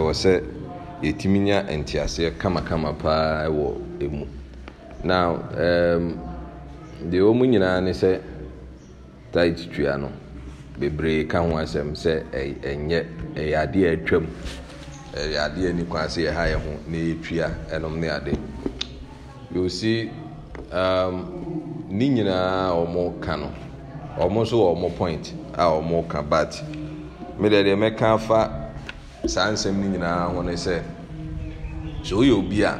ɛwɔ sɛ yɛtumi nya nteaseɛ kamakama paa ɛwɔ ɛmu now um, deɛ wɔ mu nyinaa ne sɛ tit tua no bebree ka ho asɛm sɛ ɛnyɛ ɛyɛ adeɛ atwam ɛyɛ adeɛ ani kwan sɛ yɛha yɛ ho na yɛtua ɛnom ne ade yɛsi um, ne nyinaa ɔmo ka no ɔmo nso wɔ ɔmo point a ɔmo ka but me deɛ deɛ mɛka afa saa nsɛm no nyinaa ho ne sɛ sɛ woyɛ obi a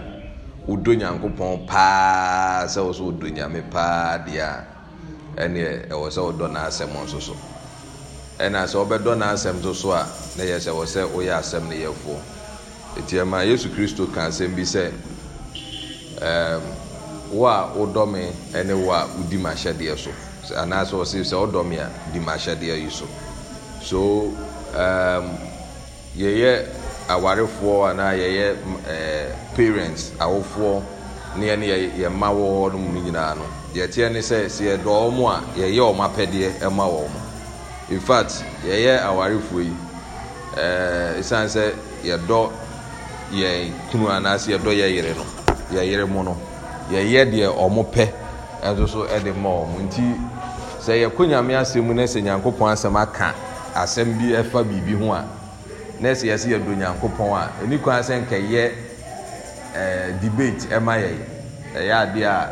wodɔ nyankopɔn paa sɛ wo so wodɔ nyame paa deɛ a ɛneɛ ɛwɔ sɛ wodɔ n'asɛm nso so ɛna sɛ wobɛdɔ n'asɛm nso so a na yɛ sɛ wɔ sɛ woyɛ asɛm no yɛfoɔ ɛti yesu kristo ka asɛm bi sɛ ɛɛm wo a wodɔ me ɛne wo a wodi m'ahyɛdeɛ so anaasɛ wɔsi sɛ wodɔ me a di m'ahyɛdeɛ yi so so Um, yɛyɛ awarefoɔ anaa yɛyɛ eh, parents awofoɔ ne yɛne yɛ mma wɔ hɔ no mu nyinaa no yɛteɛ ne sɛ sɛ yɛdɔɔ mu a yɛyɛ ɔm apɛdeɛ ɛma wɔ mo infact yɛyɛ awarefoɔ yi ɛsan eh, sɛ yɛdɔ yɛn kunu sɛ yɛdɔ yɛ yere no yɛyere mu no yɛyɛ deɛ ɔmo pɛ ɛnso so ɛde ma ɔ nti sɛ yɛkɔ nyame asɛm mu no sɛ nyankopɔn asɛm aka asɛm bi ɛfa biribi ho a na ɛsɛ yɛsɛ yɛdɔ nyankopɔn a ɛni kwan sɛ nkɛyɛ ɛɛ eh, debate ɛma eh, yɛ ɛyɛ eh, adeɛ a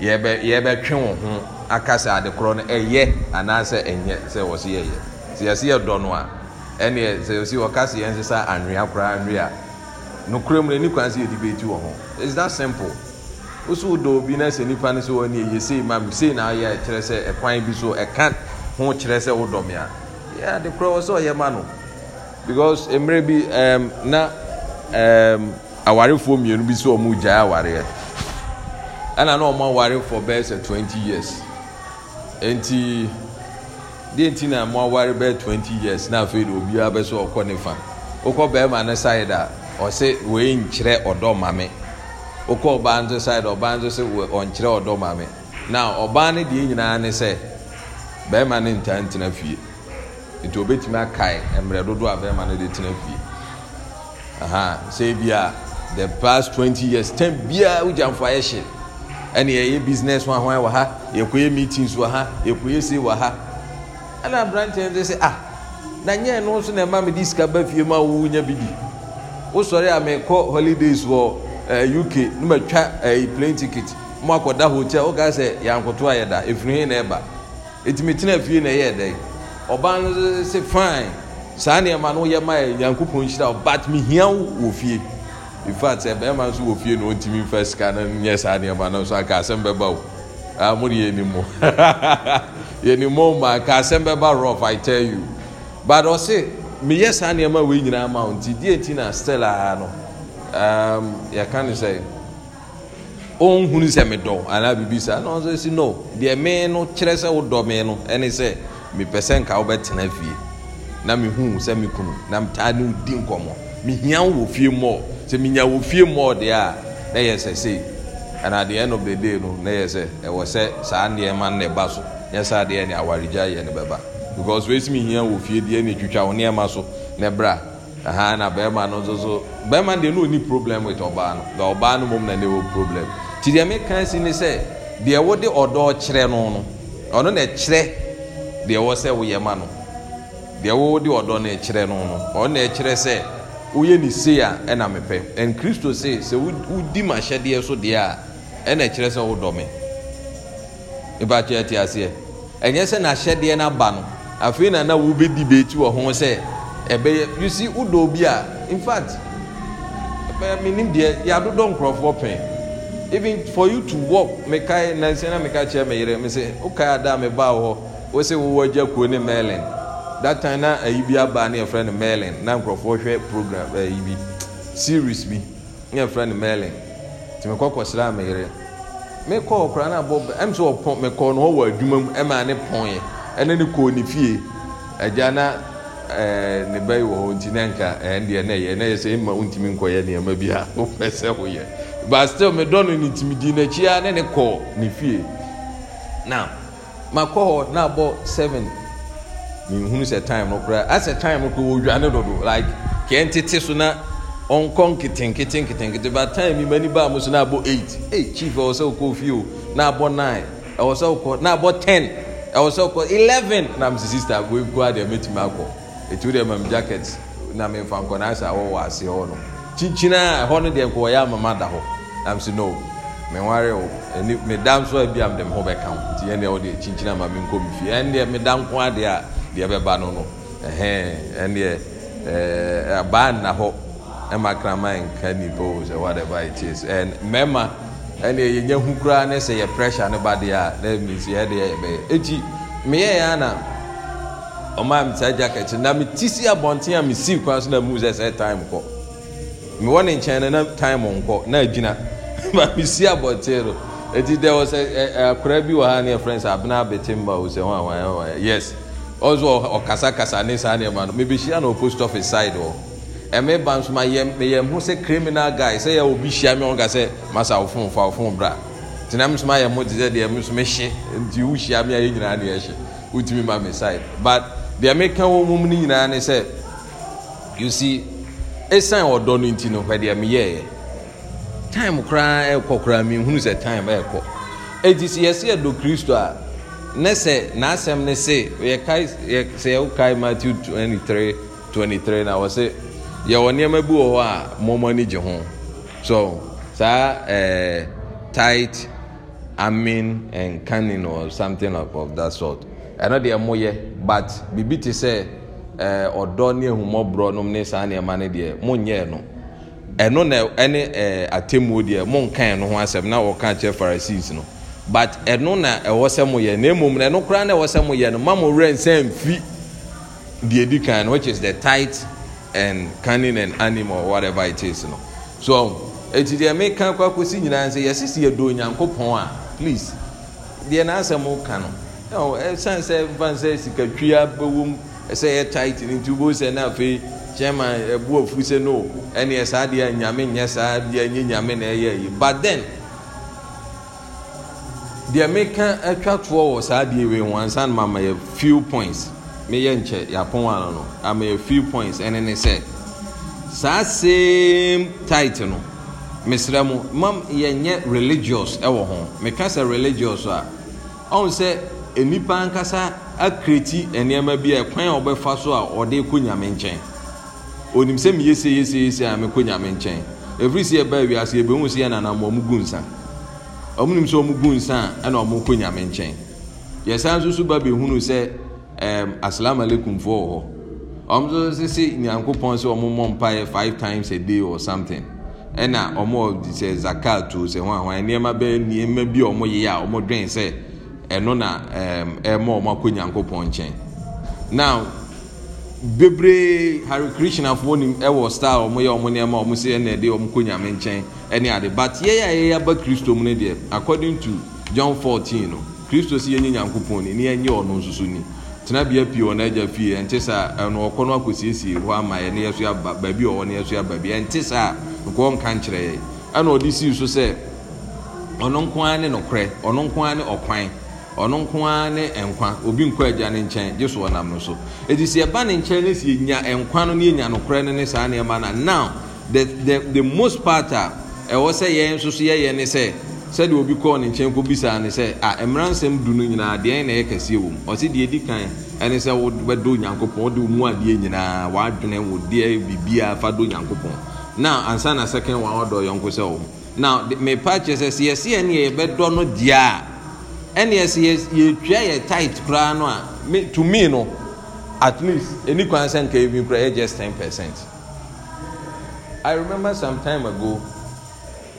yɛbɛ yɛbɛtwe wɔn ho aka sɛ ade korɔ no ɛyɛ anaasɛ ɛnyɛ sɛ wɔsi yɛyɛ sɛ yɛsɛ yɛdɔ no a ɛneɛ sɛ yɛsi wɔka sɛ yɛn sisa anwea koraa anwea nokura mu no kwan sɛ yɛ debate wɔ ho it's that simple wosow do obi na sɛ nipa no sɛ wɔn ni yɛ sei ma mi sei na ayɛ kyerɛ sɛ ɛkwan bi so ɛka ho kyerɛ sɛ wodɔ mea yɛ ade korɔ wɔ sɛ ɔyɛ ma no because mmerɛ bi um, na um, awarefoɔ mmienu bi sɛ ɔmo gyae awareɛ ɛna na ɔmo aware for bɛyɛ sɛ twenty years nti deɛ nti na mo aware bɛyɛ twenty years na afei de obiara bɛ sɛ ɔkɔ ne fa okɔ bɛrima ne side a ɔsɛ wei nkyerɛ ɔdɔ maame okɔ ɔbaa nso side ɔbaa nso sɛ ɔnkyerɛ ɔdɔ maame na ɔbaa ne deɛ nyinaa ne sɛ bɛrima ne ntaa fie nti obɛtumi akae mmerɛ dodoɔ a bɛrima no de tena fie sɛ bia the past twenty years tam biara wogyamfo ayɛ hye ɛne yɛyɛ business ho ahoan wɔ ha yɛkɔyɛ meetings wɔ ha yɛkɔyɛ sei wɔ ha ɛna aberanteɛ no sɛ ah na nyɛ no nso na ɛma mede sika ba fie mu a wowu nya bi di wosɔre a mekɔ holidays wɔ eh, uk ne matwa eh, plane ticket mo akɔda hotel woka sɛ yɛankoto a yɛda ɛfiri he na ɛba ɛtumi tena fie na ɛyɛ ɛdɛn ɔbaa no sɛ fine saa nneɛma no yɛ maa nyankopɔn nhyira o but mihia wɔ fie in fact ɛbɛrima nso wɔ fie na ɔntumi nfa sika no nyɛ saa nneɛma no nso aka asɛm bɛba o ah mo de yɛ ni mo yɛ ni mo ma aka asɛm bɛba rough i tell you but ɔsi meyɛ saa nneɛma wɔ nyinaa ma o nti deɛ ti na still aa no um, yɛka ne sɛ ɔnhunu sɛ medɔ anaa biribi saa na ɔnso si no deɛ me no kyerɛ sɛ wodɔ me no ɛne sɛ mepɛ sɛ nka wobɛtena fie na mehu sɛ me kunu na metaa ne wodi nkɔmmɔ mehia wo wɔ fie mmɔɔ sɛ menya wɔ fie mmɔɔ deɛ a na yɛ sɛ sei ɛna deɛ ɛno bɛdee no na yɛ sɛ ɛwɔ sɛ saa nneɛma no ɛba so nyɛ saa deɛ ne awaregya yɛ ne bɛba because wesi mehia wɔ fie deɛ ne twitwa wo nneɛma so ne bra aha na bɛrima no nso so bɛrima deɛ no ɔni problem with ɔbaa no na ɔbaa no mom na ne wɔ problem ti deɛ meka si ne sɛ deɛ wode ɔdɔ kyerɛ no no ɔno na ɛkyerɛ deɛ wɔ sɛ woyɛ ma no deɛ wode ɔdɔ no ɛkyerɛ no no ɔna ɛkyerɛ sɛ woyɛ ne sei a ɛna mepɛ ɛn kristo sei sɛ wodi ma hyɛdeɛ so deɛ a ɛna ɛkyerɛ sɛ wodɔ me nipakyɛ te aseɛ ɛnyɛ sɛ n'ahyɛdeɛ no aba no afei na na wobɛdi beeti wɔ ho sɛ ɛbɛyɛ you see wodɔ bi a in fact ɛbɛyɛ mi nim deɛ yɛadodɔ nkurɔfoɔ pɛn even for you to work mekae na meka kyerɛ me yere me sɛ wokae ada a mebaa wɔ wosi wowɔ gya kuo ne merlin that time na ayi bi aba ne yɛfrɛ no merlin na nkurɔfoɔ hwɛ program eh, ayi bi series bi ne yɛfrɛ no merlin tìmɛ kɔkɔ sra mi yɛrɛ mi kɔ ɔkura na bɔ ɛm sɛ ɔpɔn mi kɔ no ɔwɔ adwuma mu ɛma ne pɔn yɛ ɛne ne kɔ ne fie ɛgya na ɛɛ eh, ne bɛyi wɔ hɔ nti ne nka eh, ɛɛ deɛ ne yɛ ne yɛ sɛ ɛma ntumi nkɔyɛ nneɛma bi a ɔpɛ sɛ ɔyɛ but still mi dɔ no ne ntumi di n'akyi a ne ne kɔ ne fie now. makɔ hɔ na abɔ seven mihunu sɛ time no koraa time no dodo like kɛn so na ɔnkɔ nketenkete nketenkete but time mi ma ni baa mu so na eight chief ɛwɔ sɛ ɔkɔ fie o na abɔ nine ɛwɔ sɛ ɔkɔ na abɔ ten ɛwɔ sɛ ɔkɔ eleven na mi go mi ti etu deɛ jacket na mi nfa nkɔ na asɛ awɔ wɔ ase hɔ no ɛhɔ no deɛ nkɔ da hɔ na mi si no. meware wo ɛni meda nso ebi am dem ho bɛka ho nti ɛni ɔde kyinkyini ama mi nkɔ mi fie ɛni meda nko adeɛ a deɛ bɛba no no ɛhɛn ɛni ɛɛ eh, abaa nna hɔ ɛma kraman nka nipa o sɛ whatever it is ɛn mɛma ɛni yɛ nyɛ hu koraa ne sɛ yɛ pressure ne ba deɛ a ne mi si ɛdeɛ yɛ bɛyɛ eti meyɛ yɛn ana ɔmaa mi saa jacket na mi ti si abɔnten a mi si kwan so na mu sɛ sɛ time kɔ mi wɔ ne nkyɛn na time nkɔ na agyina. ma misi abɔnten no eti dɛ wɔ sɛ akora bi wɔ ha ne friends abena o sɛ wɔn awɔn awɔn yes ɔnso ɔkasakasa ne saa nneɛma no mebi na post office side wɔ ɛmɛ ba nso ma yɛ sɛ criminal guy sɛ yɛ obi hyia mi wɔn ka sɛ masa ofun fa ofun bra tena mi yɛ mo sɛ deɛ mi nti o a ti mi ma mi side but deɛ mi ka wɔn mu ne nyinaa ne sɛ you see esan ɔdɔ no pɛ deɛ mi time koraa ɛrekɔ koraa mihunu sɛ time ɛrekɔ eti sɛ yɛsi ɛdo kristo a ne sɛ n'asɛm ne se yɛkae yɛ sɛ yɛkae matthew twenty three twenty three na wɔsɛ yɛwɔ nneɛma bi wɔ hɔ a mɔmɔ ani gye ho so saa ɛɛ eh, tight amen and canning or something of, of that sort ɛno deɛ mo yɛ but bibi ti sɛ ɛɛ eh, ɔdɔ ne ehumɔborɔ nom ne saa nneɛma ne deɛ mo nyɛɛ no ɛno na ɛne ɛɛ atemmuo deɛ mo nkan no ho asɛm na wɔka kyerɛ pharisees no but ɛno na ɛwɔ sɛ mo yɛ na emom na ɛno koraa na ɛwɔ sɛ mo yɛ no mamo rɛ nsɛn fi deɛ di kan no which is the tight and cunning and animal whatever it is no so eti deɛ meka kɔ akɔsi nyinaa sɛ yɛsisi yɛ do onyankopɔn a please deɛ n'asɛm ka no ɛwɔ ɛsan sɛ nfa sɛ sikatwia bɛwom ɛsɛ yɛ tight ne ntubo sɛ na afei. chairman ebu eh, ofu sɛ no ɛneɛ saa deɛ nyame nyɛ saa deɛ nye nyame na ɛyɛ yi but then deɛ meka atwa eh, toɔ wɔ saa deɛ wei wansa ma ma yɛ few points meyɛ nkyɛ yɛapɔn ano no ama yɛ few points ɛne ne sɛ saa same tight no mesrɛ mu mam yɛnyɛ religious ɛwɔ ho meka sɛ religious a ɔn sɛ nnipa ankasa akreti nneɛma bi a ɛkwan a ɔbɛfa so a ɔde kɔ nyame nkyɛn onim sɛ mi yese yese yese a mekɔ nyame nkyɛn efiri si ɛbaa wiase ebehu si ɛnana mo ɔmo gu nsa ɔmo nim sɛ ɔmo gu nsa a ɛna ɔmo kɔ nyame nkyɛn yɛsan nso so ba behunu sɛ ɛɛm asalaamu alaikum foɔ wɔ hɔ ɔmo nso sisi nyankopɔn sɛ ɔmo mɔ mpaeɛ five times a day or something ɛna ɔmo sɛ zakato sɛ hwan hwan nneɛma bɛɛ nneɛma bi a ɔmo yɛ a ɔmo dwen sɛ ɛno na ɛɛm ɛɛma ɔmo akɔ nyankopɔn nkyɛn now. bebree hare krishnafoɔ nim ɛwɔ star a wɔyɛ wɔn nneɛma a wɔn si ɛna ɛde wɔn kɔ nyame nkyɛn ɛne ade but yɛyɛ a yɛyɛ kristo mu deɛ according to john fourteen no kristo si yɛnyɛ nyankopɔn ni ne yɛnyɛ ɔno nso so ni tenabea pii wɔ n'agya fie ɛnte saa ɛno ɔkɔ no akɔsiesie hɔ ama yɛ ne aba baabi ɔwɔ ne aba bi ɛnte nkɔɔ nka nkyerɛ yɛ ɛna ɔde so sɛ ɔno ɔno nko ara ne nkwa obi nkɔ agya ne nkyɛn gye so ɔnam no so eti sɛ ɛba ne nkyɛn ne sɛ enya nkwa no ne enya nokorɛ no ne saa nneɛma na now the the the most part a ɛwɔ sɛ yɛn nso so yɛyɛ ne sɛ sɛdeɛ obi kɔɔ ne nkyɛn kɔ bisaa ne sɛ a mmeransɛm du no nyinaa deɛn na ɛyɛ kɛseɛ wɔ mu ɔsi deɛ edi kan ɛne sɛ wɔdo nyankopɔn wɔde wɔn mu adeɛ nyinaa wɔadwene wɔ deɛ bibia fa do nyankopɔn now ansa na second one ɔdɔ yɔnko sɛ wɔn now mepa kyerɛ sɛ sɛ yɛsi yɛn ne yɛbɛdɔ no deɛ a ɛne ɛsɛ yɛtwa yɛ tight koraa no a me to me no at least any kwan sɛ nka ebi koraa yɛ just ten percent i remember some time ago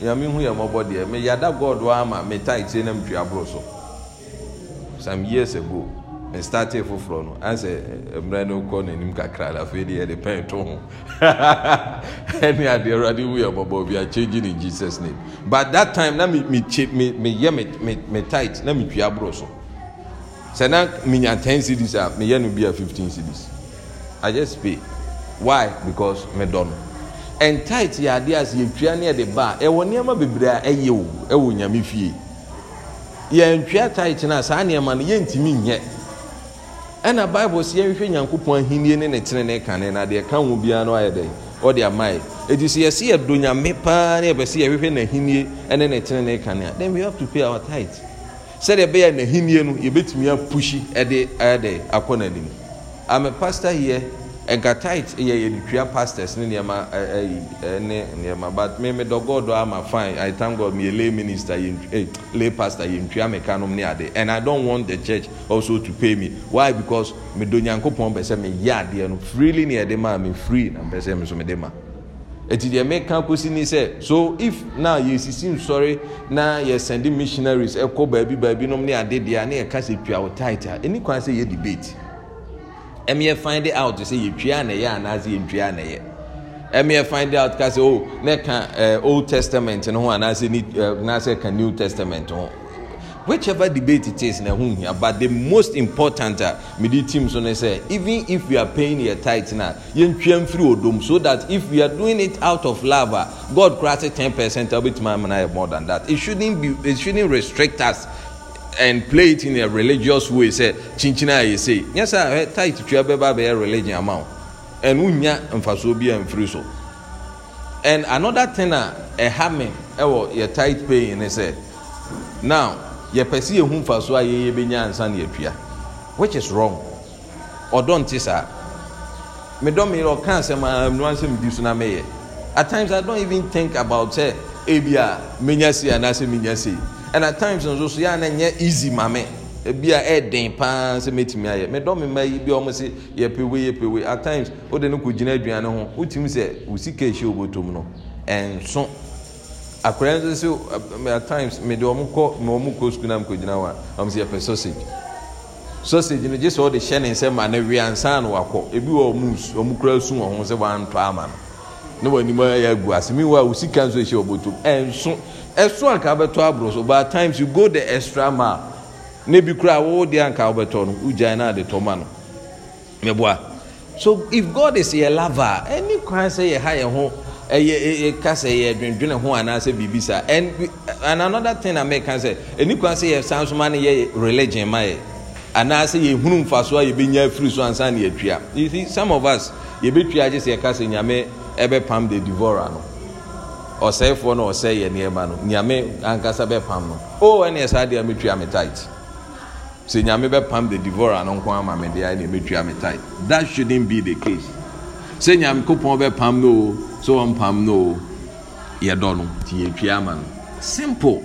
yàmi hu yɛ mɔbɔ deɛ me yada eh, god wa ama me tight yɛ eh, nam dua aboro so some years ago mestarte foforɔ no a sɛ mmera no wokɔ noanim kakra no afei deɛ yɛde pɛn to ho ɛne adeɛ awurade wu yɛ mmɔbɔ bi akyɛgye ne jesus name but that time na meyɛ me tight na metwa borɔ so sɛ na menya 10 cities a meyɛ no bi a fifteen cities i just pay why because medɔ no and tight yɛ adeɛ a sɛ yɛtwa ne yɛde ba a ɛwɔ nneɛma bebree a ɛyɛ o ɛwɔ nyame fie yɛntwa tight no a saa nneɛma no yɛntumi nyɛ ɛna bible sɛ yɛhwehwɛ nyankopɔn ahenni ne ne tenene kane na deɛ ka ho biara no ayɛ dɛn ɔde amae ɛti sɛ yɛsɛ yɛdɔ nyame paa ne yɛpɛ sɛ yɛhwehwɛ n'ahennie ɛne ne tenene kane a then we have to pay our tithe. sɛdeɛ ɛbɛyɛ n'ahennie no yɛbɛtumi apushi ɛde ayɛ dɛn akɔ n'anim i'm a pastor here ɛnkatite yɛ yɛdetua pastors ne nneɛma ne eh, eh, eh, nneɛma but me me dɔgɔdɔ ama fine i thank god me lay minister yɛ lay pastor yɛntua me kanom ne ade and i don't want the church also to pay me why because me do nyankopɔn pɛ sɛ me yɛ adeɛ no freely ne yɛde ma me free na mpɛ sɛ me so me de ma eti deɛ meka kusi ni sɛ so if na yɛsisi nsɔre na sending missionaries ɛkɔ e, baabi baabi nom ne ade deɛ ne yɛka e, sɛ tua o tight a ɛni kwan sɛ yɛ debate ɛmɛ find out sɛ yɛtwea na ɛyɛ anaasɛ yɛntwea na ɛyɛ ɛmɛ find out ka sɛ o ne ka ɛɛ old testament no ho anaasɛ ni ɛɛ anaasɛ ka new testament ho oh. whichever debate it is na ɛho hia but the most important a ah, mede team so ne sɛ even if we are paying your tithe na yɛntwea mfiri odom so that if we are doing it out of love a ah, god kora se ten percent a wobɛtumi amana yɛ more than that it shouldn't be it shouldn't restrict us and play it in a religious way sɛ kyinkyin eh, a yɛsɛ nyɛ sɛ ahwɛ tight twa bɛba abɛyɛ religion ama wo and wonya mfasoɔ bi a mfiri so and another thing ah, a ɛha me ɛwɔ yɛ tight pain. ne eh, sɛ now yɛpɛ sɛ yɛhu mfasoɔ a yɛyɛ bɛnya ansa na yɛtua which is wrong ɔdɔ nte saa medɔ meyɛ ɔka asɛm a mnua nsɛm di so na meyɛ at times i don't even think about sɛ ebi a menya sei anaasɛ ah, menya sei and at times nso so yɛ anan nyɛ easy ma me ebi a ɛɛden paa sɛ mɛtumi ayɛ mɛ dɔm mma yi bi a wɔn sɛ yɛ pewe yɛ pewe at times o de ne ko gyina aduane ho o ti mu sɛ o si keehyi o bɔ tom no ɛnso akwadaa nso sɛ at times mɛ de wɔn kɔ mɛ wɔn kɔ sukuu na mɛ ko gyina hɔ a wɔn sɛ yɛpɛ sausage sausage no gye sɛ ɔde hyɛ ne nsam ma ne wia nsa na wakɔ ebi wɔ ɔmo kura sun wɔn ho sɛ wɔn antɔ ama no ne wɔn anim ayɛ agu ase mi wa osi kan so ehyɛ ɔbɔtɔ ɛnso ɛso anka bɛtɔ aburo so but times you go the extra mile ne bi kura awo deɛ anka bɛtɔ no ugyan na de tɔma no mɛboa so if god is yɛ lover any kwan sɛ yɛ ha yɛ ho ɛyɛ ɛyɛ kasa yɛ dwendwene ho anaasɛ biribi sa and and another thing na mɛka sɛ any kwan sɛ yɛ san so ma ne yɛ religion ma yɛ anaasɛ yɛ hunu nfa so a yɛ bɛ nya afiri so ansa ne yɛ tua you see some of us yɛ bɛ tua agye sɛ yɛ kasa nyame ɛbɛpam de devora no ɔsɛefoɔ no ɔsɛe yɛ nneɛma no nyame ankasa bɛpam no o ɛne ɛsaa deɛ metwa me tight sɛ nyame bɛpam de devora no nko ama me deɛ ɛne metwa me tight that shouldn't be the case sɛ nyame kopɔn bɛpam no o sɛ ɔmpam no o yɛdɔ no nti yɛtwa ama no simple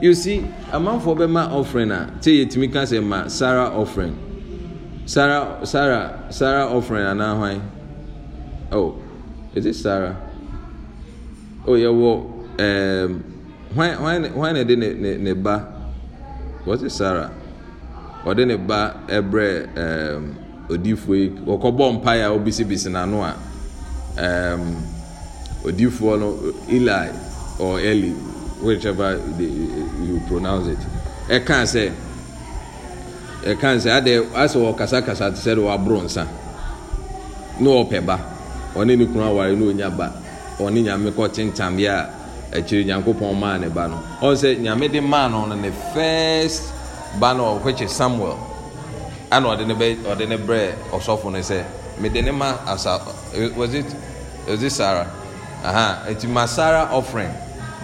you see amanfoɔ bɛma offering a sɛ yɛtumi ka sɛ ma sarah offering sarah sarah sarah offering anaa oh is it Sarah oh yeah well um when when when they did ne ne, ne ba was it Sarah ɔde ne ba Ebre, ɛɛm um, odiifoɔ yi ɔkɔbɔ mpaeɛ a obisibisi n'ano um, odiifoɔ no Eli or Eli whichever they, you pronounce it ɛka sɛ ɛka say adɛ asɛ ɔkasakasa te sɛ said waboro nsa na ɔpɛ ba ɔne ne kunu aware ne ɔnya ba ɔne nyame kɔ tentameɛ a akyiri nyankopɔn maa ne ba no ɔn sɛ nyame de maa no no ne first ba no ɔhwɛkye samuel ana ɔde ne bɛ ɔde ne brɛ ɔsɔfo no sɛ mede ne ma asa was it was it sarah aha eti ma sarah offering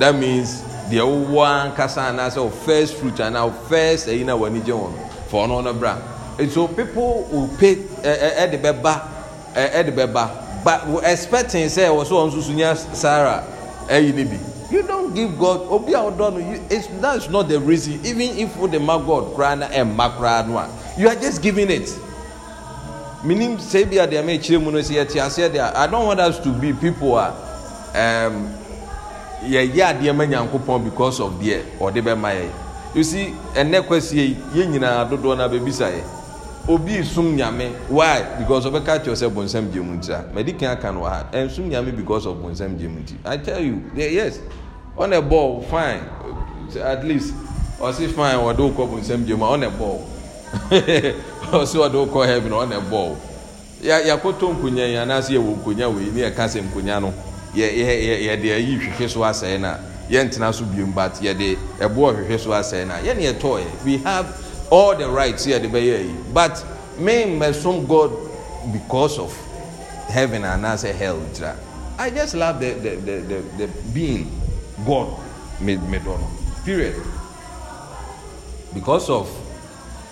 that means deɛ wowɔ ankasa anaasɛ o first fruit anaa o first ɛyi na wɔn ani wɔn for ɔno ɔno bra nso people will pay ɛɛ ɛde bɛba ɛɛ ɛde bɛba but expecting sɛ wɔ so wɔn nso nya sarah ɛyi ne bi you don give god obi a ɔdɔ you it's that's not the reason even if o de ma god koraa na ɛma koraa no a you are just giving it meaning say, ebi a deɛ ɛmɛ ekyire mu no sɛ yɛ te aseɛ i don't want us to be people a ah, um, yɛ yɛ adeɛ ma nyankopɔn because of deɛ ɔde bɛ ma yɛ you see ɛnɛ kwasi yɛ yɛ nyinaa dodoɔ na bɛ bisa eh obi sum nyame why because ɔbɛka kyerɛ sɛ bonsam gye mu nti a mɛdi kan aka no wɔ ha nyame because of bonsam gye mu nti i tell you yes on a ball fine at least ɔsi fine ɔde okɔ bonsam gye mu on a ball ɔsi ɔde okɔ heaven on a ball yà yàkótó nkonya yi anaasɛ yɛ wɔ nkonya wɔ yi ne yɛ ka nkonya no yɛ yɛ yɛ yɛde ayi hwehwɛ so asɛn na yɛntena so biem but yɛde ɛboɔ hwehwɛ so asɛn na yɛne yɛtɔɔ yɛ we have all the rights here, de bɛyɛ yi but me mɛsom god because of heaven and as a hell i just love the the the the, the being god made me dɔ period because of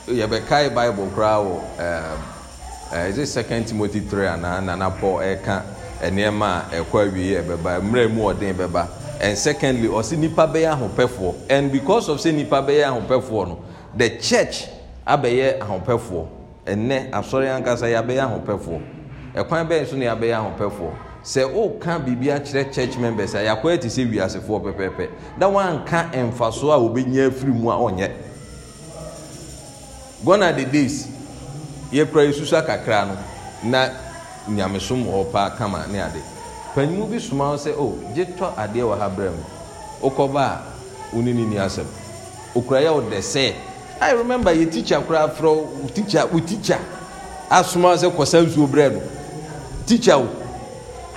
yɛbɛkae bible koraa wɔ ɛɛ eh, eh, is it second timothy three and nana paul ɛka nneɛma a ɛkɔ awie ɛbɛba mmerɛ mu ɔden bɛba and secondly ɔsi nipa bɛyɛ ahopɛfoɔ and because of say nipa bɛyɛ ahopɛfoɔ no. the church abɛyɛ ahopɛfoɔ ɛnɛ asɔre ankasa yɛabɛyɛ ahopɛfoɔ ɛkwan nso so ne yɛabɛyɛ ahopɛfoɔ sɛ woka biribi akyerɛ church members a yɛakɔ ɛte sɛ wiasefoɔ pɛpɛpɛ na woanka mfasoɔ a wɔbɛnya afiri mu a ɔnyɛ gone are the days yɛkura yɛsusa kakra no na nyamesom wɔ hɔ paa kama ne ade panyinmu bi soma wo sɛ o oh, gye tɔ adeɛ wɔ ha berɛ mu wokɔba a wo ne ne ni asɛm ɔkura yɛ wo i remember yɛ teacher koraa frɛ wo teacher wo teacher asoma sɛ kɔsa nsuo brɛ no teacher wo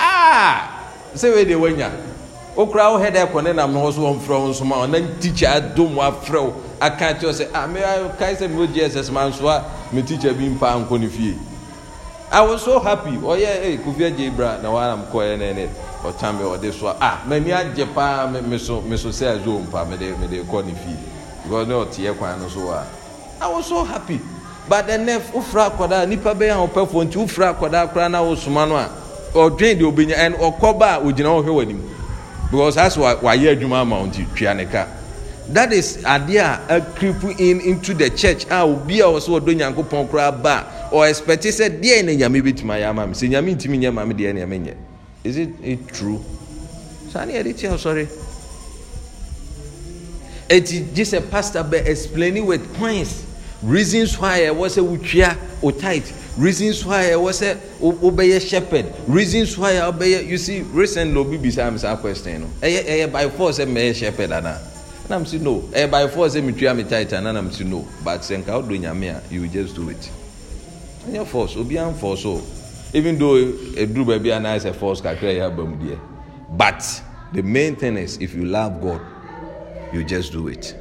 aa ah! sɛ wei deɛ wanya wokora wo hɛdɛ kɔ ne nam no hɔ so wɔmfrɛ wo nsoma wo na teacher adom afrɛ wo aka kyerɛ sɛ ah me kae sɛ mewɔ gss ma nso a me teacher bi mpa nkɔ ne fie i was so happy ɔyɛ ee eh, kofi agye ibra na wanam kɔɛ ne ne ɔtam ɔde so a ah m'ani agye paa me so me so sɛ azoo mpa me de me de kɔ ne fie because ne ɔteɛ kwan no so a i was so happy but then ne wofra akwadaa nipa bɛyɛ a ɔpɛ fo nti wofra akwadaa koraa na wosoma no a ɔdwen de obenya and ɔkɔba a ogyina hɔ hwɛ w'anim because as wayɛ adwuma ama wɔn ti tua ne ka that is adeɛ a akiripu in into the church a obi a ɔsɛ ɔdɔ nyanko pɔn koraa ba a ɔɛspɛte sɛ deɛ na nyame betuma yɛ ama mi sɛ nyame ntumi nyɛ maame deɛ na nyame nyɛ is it, it true saa ne yɛ de ti asɔre eti jesus pastor bɛ explaining with points reasons why ɛwɔ sɛ wotwia o tight reasons why ɛwɔ sɛ wobɛyɛ shepherd reasons why wobɛyɛ you see recently obi bisa mi saa question no ɛyɛ eh, ɛyɛ eh, eh, by force sɛ mɛyɛ shepherd ana ana mi si no ɛyɛ by force sɛ mi twia mi tight ana na mi si no but sɛ nka o do nyame a you just do it ɛnyɛ force obi oh. an force o even though eduru baabi a na ayɛ sɛ force kakra yɛ abamu deɛ but the main thing is if you love god you just do it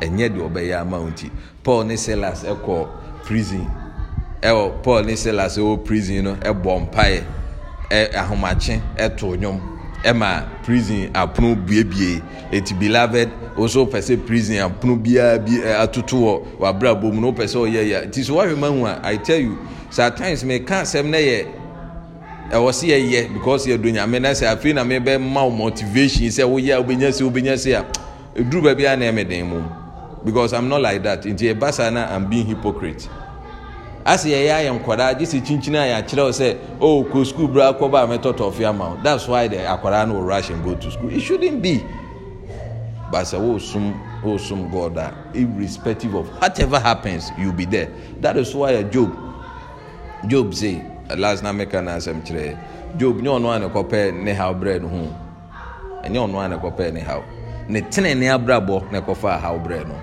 ɛnyɛ deɛ ɔbɛyɛ ama wo nti paul ne silas ɛkɔ e prison ɛwɔ e paul ne silas ɛwɔ e prison no ɛbɔ mpaeɛ ɛ ahomakye ɛto nnwom ɛma prison apono buebue eti beloved oso pɛ sɛ prison apono biara bi ɛ atoto wɔ wabrabɔ mu na opɛ sɛ ɔyɛ yɛ ti so wahwɛ mahu a i tell you sometimes me ka asɛm na yɛ ɛwɔ sɛ yɛyɛ because yɛdo nyame na sɛ afei na me bɛ ma motivation sɛ woyɛ a wobɛnya sɛ wobɛnya sɛ a duru baabi a na ɛmɛ dan mu because i'm not like that nti ɛba saa na i'm being hypocrite ase yɛyɛ ayɛ nkwadaa gye sɛ kyinkyin a yɛakyerɛw sɛ oh kɔ school bra kɔba a mɛtɔ tɔfe ama wo that's why the akwadaa no will rush and go to school it shouldn't be but sɛ wosum wosum god a irrespective of whatever happens you be there that is why job job say last na meka na asɛm kyerɛ job nye ɔno a ne kɔpɛ ne haw brɛ no ho ɛnyɛ ɔno a ne kɔpɛ ne haw ne tenene abrabɔ na ɛkɔfa ahaw brɛ no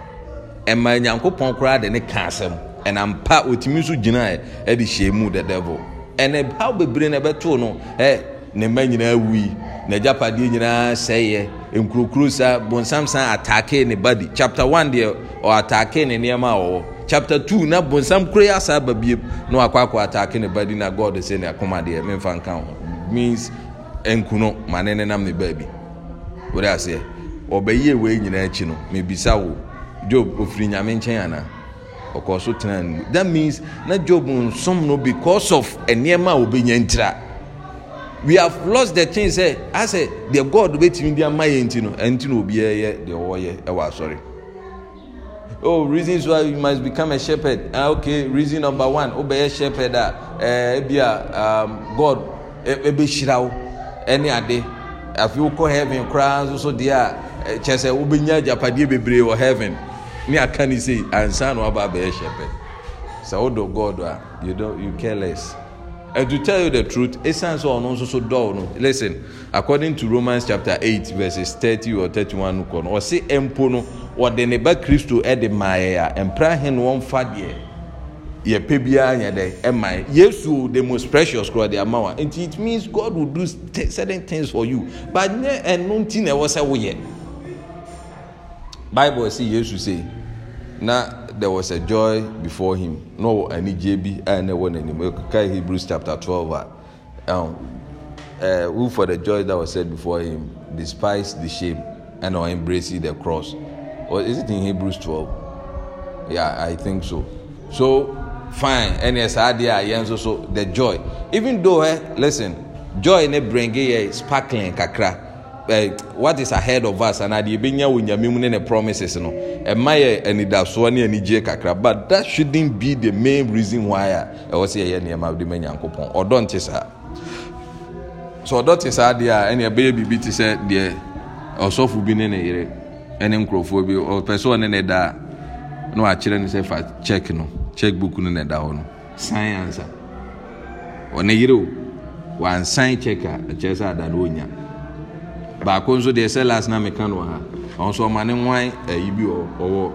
ɛma nyankopɔn koraa de ne ka asɛm ɛna mpa otumi nso gyina ɛ ɛde hyia mu the devil ɛna haw bebree na ɛbɛto no ɛ ne mma nyinaa wui n'agyapadeɛ nyinaa sɛeɛ nkurokuro sa bonsam san ataake ne body chapter one deɛ ɔ ataake ne nneɛma a ɔwɔ chapter two na bonsam kura yi asa aba bie na wakɔ akɔ ataake ne body na god sɛ ne akoma deɛ memfa nka ho means nkunu ma ne nenam ne baabi wɔde aseɛ ɔbɛyie wei nyinaa akyi no mebisa wo job ofiri nyame nkyɛn ana ɔkɔ so tena nu that means na job nsom no because of nneɛma a obɛnya ntira we have lost the thing sɛ asɛ deɛ god bɛtumi de ama yɛn ti no ɛnti na obiara yɛ deɛ ɔyɛ ɛwɔ asɔre oh reasons why you must become a shepherd ah okay reason number one obɛyɛ shepherd a ɛɛ eh, ebi a um, god ɛbɛhyira e-, wo ɛne ade afei wokɔ heaven koraa nso so deɛ a kyɛ sɛ wobɛnya agyapadeɛ bebree wɔ heaven ne aka ne sei ansa na waba abɛyɛ hyɛ pɛ sɛ wodɔ god a you don't you care less and to tell you the truth esan sɛ ɔno nso so dɔw no listen according to romans chapter eight verses thirty or thirty-one no kɔ no ɔsi mpo no wɔde ne ba kristo ɛde maa yɛ a mpira hen wɔn fa deɛ yɛpɛ biara yɛ dɛ ɛma yesu the most precious kura de ama wa nti it means god will do certain things for you but ne ɛnu ti na ɛwɔ sɛ woyɛ bible ɛsi yesu sɛ na there was a joy before him na ɔwɔ anigye bi a ɛna ɛwɔ n'anim ɛkeka hebrews chapter twelve a ɛn ɛɛ who for the joy that was set before him despised the shame and or embraced the cross or is it in hebrews twelve yeah i think so so fine ɛne saa adeɛ a yɛn nso so the joy even though eh, listen joy ne bringe yɛ eh, sparkling kakra eh, what is ahead of us and adeɛ ebi nya wɔ nyame mu ne ne promises no ɛma yɛ anidasoɔ ne anigye kakra but that shouldn't be the main reason why a ɛwɔ sɛ yɛyɛ nneɛma de ma nyankopɔn ɔdɔ nte saa so ɔdɔ te saa adeɛ a ɛne ɛbɛyɛ biribi te sɛ deɛ ɔsɔfo bi ne ne yere ɛne nkurɔfoɔ bi ɔpɛ sɛ ɔne ne da no wakyerɛ ne sɛ fa check no. checkbook no na ɛda hɔ no san ansa ɔne yere o wansan check a ɛkyerɛ sɛ ada no ɔnya baako nso deɛ sɛ last na meka no ha ɔno nso ɔma ne nwan ayi bi ɔwɔ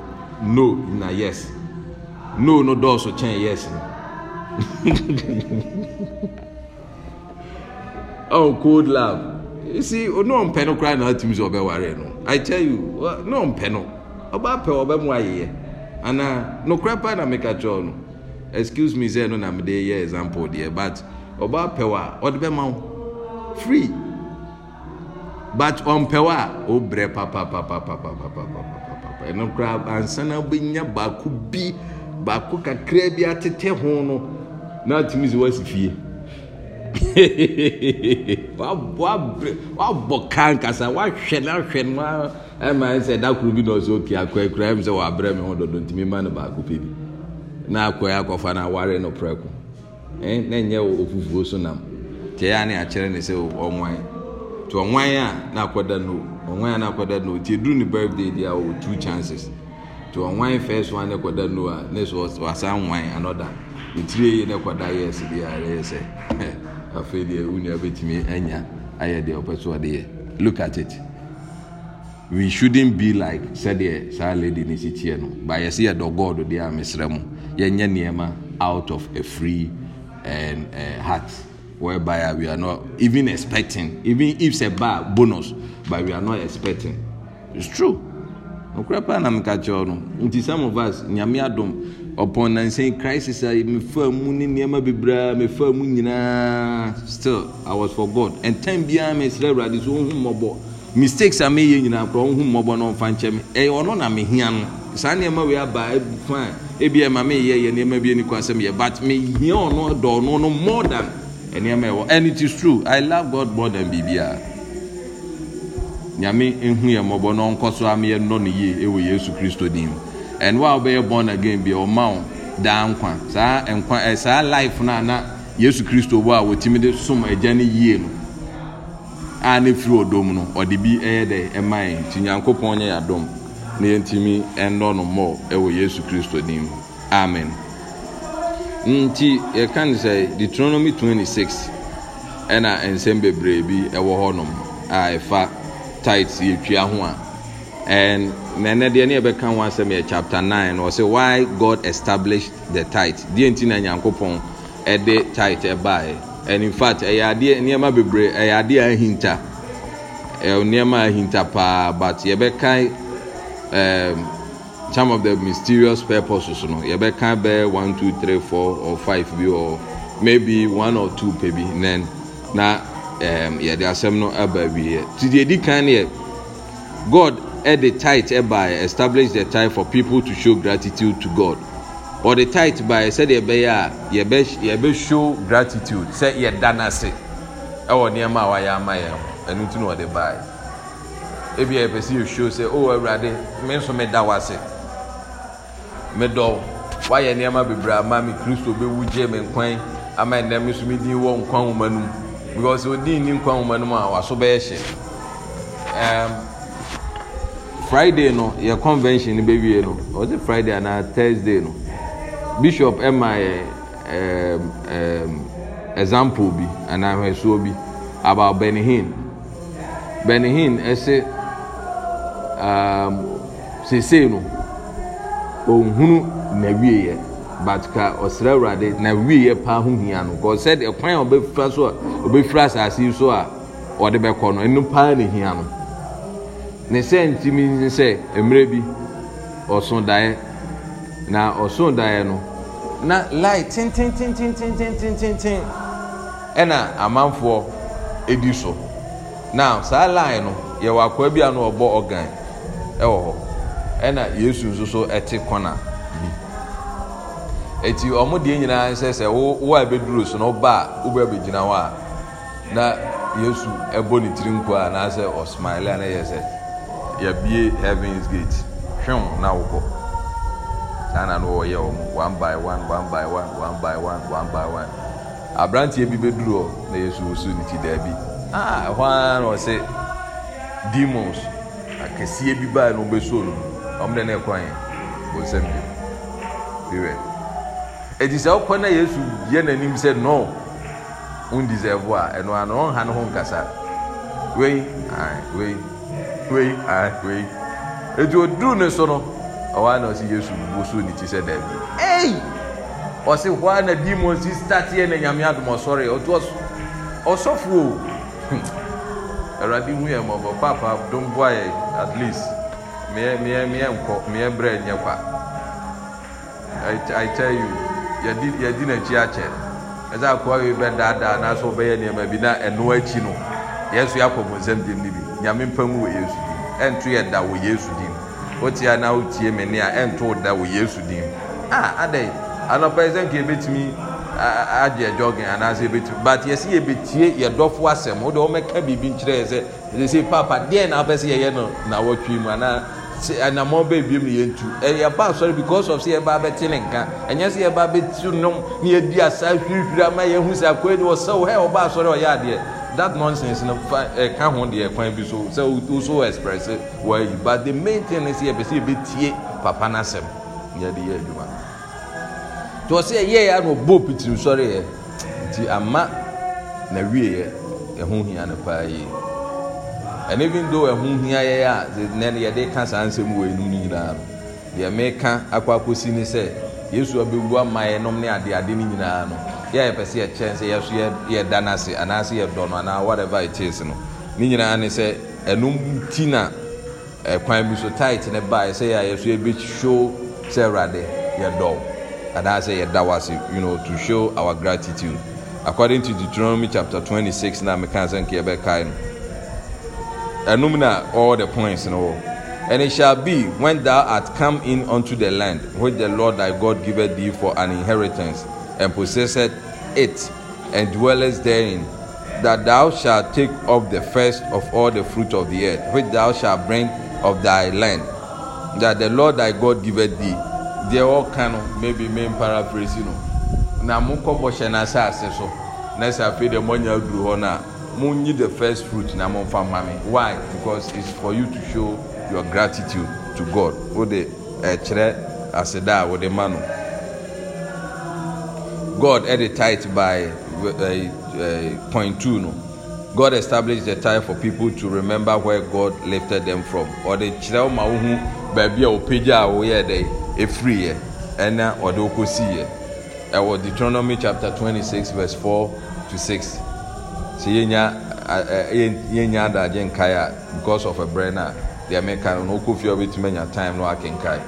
no na yes no no dɔɔso kyɛn yes oh cold love you see no ɔmpɛ no koraa na atumi sɛ ɔbɛware no i tell you no ɔmpɛ no ɔbaa pɛ ɔbɛmu ayɛyɛ. ana nokorɛ paa na meka kyerɛw no excuse me sɛ ɛno na mede yɛ example deɛ but ɔbaa pɛw a ɔde bɛma wo free but ɔmpɛw a ɔbrɛ papa papa koraa ansa na wobɛnya baako bi baako kakraa bi atete ho no na atumi sɛ woasi fie ɛma sɛ da bi na oke akɔ akura ɛmu sɛ wabrɛ mi ho dodo ntumi ma no baako pɛ na akɔ akɔfa na aware no prɛko ɛn na nyɛ ofufuo so nam kyɛ ya akyerɛ ne sɛ ɔnwan to ɔnwan na akɔda no ɔnwan a na akɔda no tie duru ne di a ɔwɔ two chances to ɔnwan first one a ne so wasan etire yi bi a ɛyɛ sɛ afei deɛ anya ayɛ deɛ ɔpɛ so ɔde yɛ look we shouldn't be like sɛdeɛ saa lady ne si teɛ no ba yɛsi yɛ dɔ god deɛ a mesrɛ mu yɛnyɛ nneɛma out of a free and uh, heart whereby we are not even expecting even if sɛ ba bonus but we are not expecting it's true okura pa na meka kyerɛ no nti some of us nyame adom upon nansan crisis a mefa mu ne nneɛma bebree mefa mu nyinaa still i was for god and time biara mesrɛ awurade so ohun mmɔbɔ. mistakes a meyɛ nyinaa korɔ ɔhu mmɔbɔ no ɔmfa nkyɛ me ɛyɛ ɔno na mehia no saa nneɛma wei aba fa a ebi ɛma meyɛ yɛ nneɛma bi ani kɔ asɛm yɛ but mehia ɔno dɔ ɔno no more than nneɛma ɛwɔ and it is true i love god more than biribiara nyame ehu yɛ mmɔbɔ no ɔnkɔ so ama yɛ nnɔ no yie ɛwɔ yesu kristo dim and wa ɔbɛyɛ born again bi ɔma wo daa nkwa saa nkwa ɛɛ eh, saa life na ana yesu kristo wɔ a wɔtumi de som agya no yie no a ne firi ɔdɔ mu no ɔde bi ɛyɛ dɛ ɛma yɛn nti nyankopɔn nyɛ yɛadɔm na yɛntumi ɛnɔ no mmɔ ɛwɔ yesu kristo nim amen nti yɛka no sɛ deuteronomy 26 ɛna nsɛm bebree bi ɛwɔ hɔnom a ɛfa tight yɛtwa ho a and nene deɛ ne yɛbɛka ho asɛm yɛ chapter 9 ɔsɛ why god established the tight deɛ nti na nyankopɔn ɛde tight ɛbaeɛ and in fact ɛyɛ adeɛ nneɛma bebree ɛyɛ adeɛ a ahinta ɛyɛ nneɛma a ahinta paa but yɛbɛkan ɛɛm um, some of the mysterious purposes no yɛbɛkan bɛɛ one two three four or five bi or maybe one or two pɛ Then nɛn na ɛɛm um, yɛde asɛm no aba awieɛ ti deɛ di kan yɛ god ɛde tithe ɛbaeɛ establish the time for people to show gratitude to god ɔde tight baeɛ sɛdeɛ ɛbɛyɛ a show gratitude sɛ yɛda no ase ɛwɔ nnoɔma a wayɛ ama yɛn ho ɛno nti ne ɔde baeɛ ebia yɛpɛ sɛ show sɛ o awurade me nso meda w ase medɔw woayɛ nnoɔma bebree ama me kristo bɛwu gye me nkwan ama ɛnnɛ me so medin wɔ nkwa nwoma no Because because um, odin ni nkwa nwoma no mu a waso bɛyɛ hyɛ friday no yɛ convention no bɛwie no ɔsɛ friday anaa thursday no bishop ɛma yɛ ɛɛm ɛɛm example bi anaa ahwɛsoɔ bi about benihin benihin ɛsɛ ɛɛm um, sesei no ohunu na wie yɛ but ka ɔsrɛ awurade na wie yɛ paa ho hia no kɔ sɛ deɛ kwan a ɔbɛfira so a ɔbɛfira asase yi so a ɔde bɛkɔ no ɛnu paa na hia no ne sɛ ntumi sɛ mmerɛ bi ɔso daeɛ. na ɔsoro dan no na light tententententententen ɛna amanfoɔ edi so na saa line no yɛwɔ akoa bi a no ɔbɔ ɔgan ɛwɔ hɔ ɛna yesu nso so ɛte kɔna bi eti ɔmo deɛ nyinaa sɛ sɛ wo wo a ɛbɛduru so no ba a wobɛ bɛgyina hɔ a na yesu ɛbɔ ne tiri nko a anaasɛ ɔsmaile a na yɛ sɛ yɛbie heavens gate hwɛn na wokɔ. nana no wɔyɛ wɔn one by one one by one one by one one by one aberanteɛ bi bɛduru hɔ na yesu wusu ne ti daabi ah ɛhɔ ara na ɔsɛ demons akɛseɛ bi baa na ɔbɛsuo no ɔmo dɛ ne kwan yɛ bonsɛm bi period eti sɛ ɔkɔ na yesu yɛ n'anim sɛ no n deserve a ɛno ano ɔnha ne ho nkasa wei ai wei wei ai wei eti oduru ne so no ɔwɔ na ɔsi yesu bubu so ne ti sɛ daabi ei ɔsi hɔ a na demon si stateɛ na nyame adum ɔsɔre ɔtu ɔsɔfo awurade hu yɛ mmɔbɔ papa dom boa yɛ at least meɛ meɛ meɛ nkɔ meɛ brɛ nyɛ kwa i tell you yɛdi yɛdi n'akyi akyɛ ɛsɛ akɔwa yi bɛ daadaa n'asɔ bɛyɛ nneɛma bi na ɛno akyi no yɛn so yɛ akɔ bɔnsɛm ni bi nyame mpɛmu wɔ yesu di ɛntu yɛ da wɔ yesu di wote a na wotie ah, me ah, ah, ne oh, a ɛnto da wɔ yesu din a adai anɔpa yi sɛ nka yɛbɛtumi agye jogging anaasɛ yɛbɛtumi but yɛsi yɛbɛtie yɛdɔfo asɛm wode wɔmɛka biribi nkyerɛ yɛ sɛ yɛsɛ papa deɛ na wopɛ sɛ yɛyɛ no na wɔtwe mu anaa anamɔ bɛ ebiem ne yɛntu yɛba asɔre because of sɛ yɛba abɛte ne nka ɛnyɛ sɛ yɛba abɛtu nom ne yɛdi asa hwirihwiri ama yɛhu sɛ akɔyi ne wɔsɛw hɛ ɔba asɔre ɔyɛ adeɛ that nonsense no fa ɛka eh, ho deɛ kwan bi so sɛ o so express wɔayi but the main thing is yɛ pɛ sɛ yɛbɛtie papa n'asɛm yɛde yɛ adwuma tí wọ́n sɛ yɛ yɛ ano bo pitiri sɔre yɛ nti ama na wie yɛ ɛho hia no paa yie and even though ɛho hia yɛ a nɛn yɛde ka saa nsɛm wɔ enum nyinaa no deɛ mɛka akɔ akɔsi ne sɛ yesu abɛwu ama yɛ nom ne adeade ne nyinaa no yɛayɛpɛ sɛ yɛkyɛn sɛ yɛso yɛda no ase anaasɛ yɛdɔ no anaa whatever it is no ne nyinaa ne eh, sɛ ɛnom ti na kwan bi so tit ne baɛ sɛ yɛa yɛso yɛbɛhwo sɛ awurade yɛdɔ anaasɛ yɛda wo ase you know to show our gratitude according to deuteronomy chapter 26 na mekaa sɛ nka yɛbɛkae no ɛnom na all the points no wɔ And it shall be when thou art come in unto the land which the Lord thy God giveth thee for an inheritance and possesseth it, and dwellest therein, that thou shalt take up the first of all the fruit of the earth, which thou shalt bring of thy land, that the Lord thy God giveth thee. They all kind of maybe main paraphrase no na mo kɔbɔ hyɛ n'asase so na sɛ afei deɛ mo anya aduru hɔ na mo nyi the first fruit na mo nfa ma mi why because it's for you to show your gratitude to God o de eh, ase da a wɔde ma no. God had a tithe by uh, uh, point two. No? God established a tithe for people to remember where God lifted them from. Or the ma wo hu baabi a oye de woyɛ dɛ efiri yɛ ɛna ɔde okosi Deuteronomy chapter twenty six verse four to six. Sɛ yɛnya yɛnya adagye nkae a because of ɛbrɛ na deɛ meka no na okofie a obetumi time no akenkae.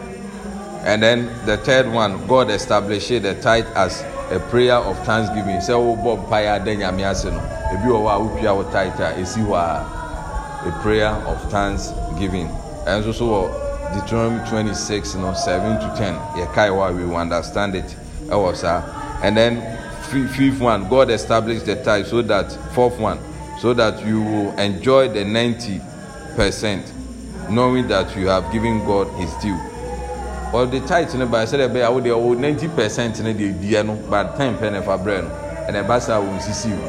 And then the third one, God established the tithe as a prayer of thanksgiving sɛ wobɔ mpaeɛ ada nyame ase no ebi wɔ hɔ a wotwia wo tit a hɔ e a a prayer of thanksgiving ɛnso so wɔ deuteronomy 26 no seven to 10 yɛkae hɔ a we will understand it ɛwɔ e saa and then fifth one god established the tithe so that fourth one so that you will enjoy the ninety percent knowing that you have given god his due ɔde tight no ba sɛdeɛ ɛbɛyɛ awo deɛ ɔwɔ ninety percent no deɛ die no but ten pɛ na ɛfa brɛ no ɛna ɛba saa wɔn sisi mu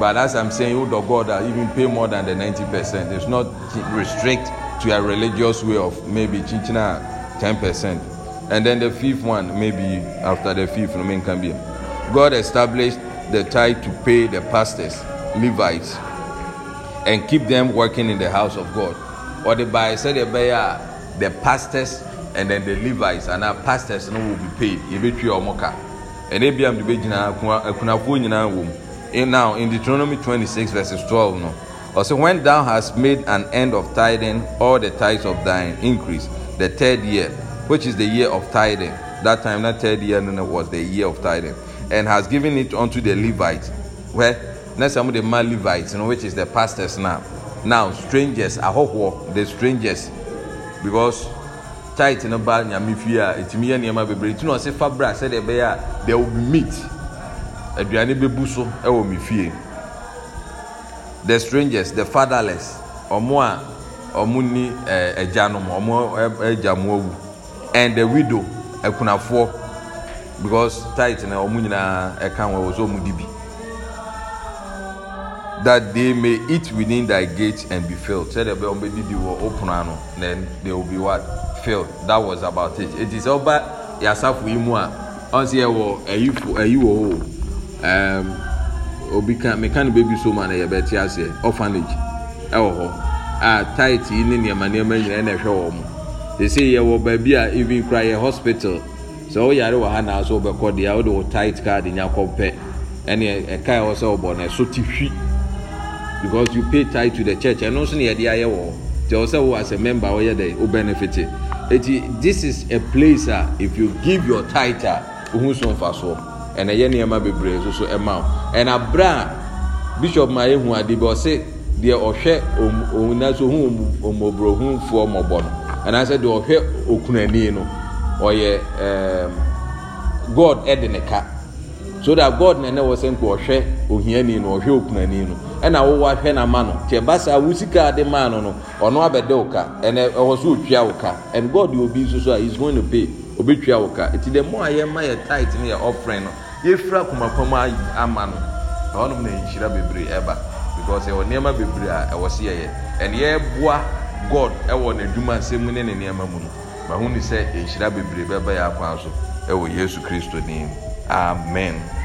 but as i'm saying you oh dog God that even pay more than the ninety percent it's not restrict to a religious way of maybe chinchina ten percent and then the fifth one maybe after the fifth no mean can be God established the tithe to pay the pastors Levites and keep them working in the house of God ɔde ba sɛdeɛ ɛbɛyɛ a the pastors. and then the levites our pastors no will be paid yɛbɛtwi wɔn ka ɛnna ebi am de bɛgyina akunafoɔ nyinaa wɔ mu in now in deuteronomy twenty six verses twelve no Also when thou hast made an end of tithing all the tithes of thine increase the third year which is the year of tithing that time that third year no no was the year of tithing and has given it unto the levites Well, na some of the ma levites you know, which is the pastors now now strangers ahɔhoɔ the strangers because. tight no ba nyame fie a ɛtumi yɛ nneɛma bebree nti na ɔse fa bra sɛdeɛ ɛbɛyɛ a there will be meat aduane bɛbu so ɛwɔ me fie the strangers the fatherless ɔmo a ɔmo ni ɛɛ ɛgyanom ɔmo ɛgya mo awu and the widow ɛkunafoɔ because tight na ɔmo nyinaa ɛka wɔn wɔ so ɔmo di bi that they may eat within thy gate and be filled sɛdeɛ ɛbɛyɛ be bɛ didi wɔ ɔpono ano then they will be what failed that was about it it is ọba yasafo yi mu a ọsẹ yẹ wọ ẹyi fo ẹyi wọ hó ẹm obi kan mẹkan baby so ma na yẹ bẹ ti ase orphanage ẹwọ hɔ a tight yi ne nneɛma nneɛma nyinaa ɛna ɛhwɛ wɔn sese yɛ wɔ baabi a even kura yɛ hospital sɛ ɔyare wɔ ha na aso bɛkɔ deɛ ɔde wɔ tight card eh, nya kɔmpɛ ɛne ɛka ɛwɔ sɛ ɔbɔ na ɛso ti hwi because you pay tight to the church ɛno eh, nso na eh, ah, yɛde ayɛ wɔ hɔ te ɔsɛ wo as a member ɔyɛ dɛ o benefit it eti this is a place a ah, if you give your tithe a ah, ohun so nfa so ɛna ɛyɛ nneɛma bebree nso so ɛma wo ɛna abira a bishop maye hu adi bi ɔse deɛ ɔhwɛ ohun na so ohun omobrohunfoɔ mɔbɔ no anaasɛ deɛ ɔhwɛ okunani no ɔyɛ ɛɛm ehm, god ɛde ne ka so that god na ɛnɛ wɔ sɛ nka ɔhwɛ ohiani no ɔhwɛ okunani no ɛna wowɔ ahwɛ n'ama no kyɛ basa awo sika de maa no no ɔno abɛdɛ wo ka ɛnɛ ɛwɔ so otwia wo and god yɛ obi nso so a He's going to pay obi twia wo ka eti dɛ mo a yɛn ma yɛ tight ne yɛ offering no yɛfura kumakuma ama no na ɔnom na nhyira bebree ɛba because ɛwɔ nneɛma bebree a ɛwɔ se yɛyɛ ɛna yɛboa god ɛwɔ n'adwuma nsɛm ne ne nneɛma mu no ma ho ni sɛ nhyira bebree bɛba yɛ akwan so ɛwɔ yesu kristo nim. Amén.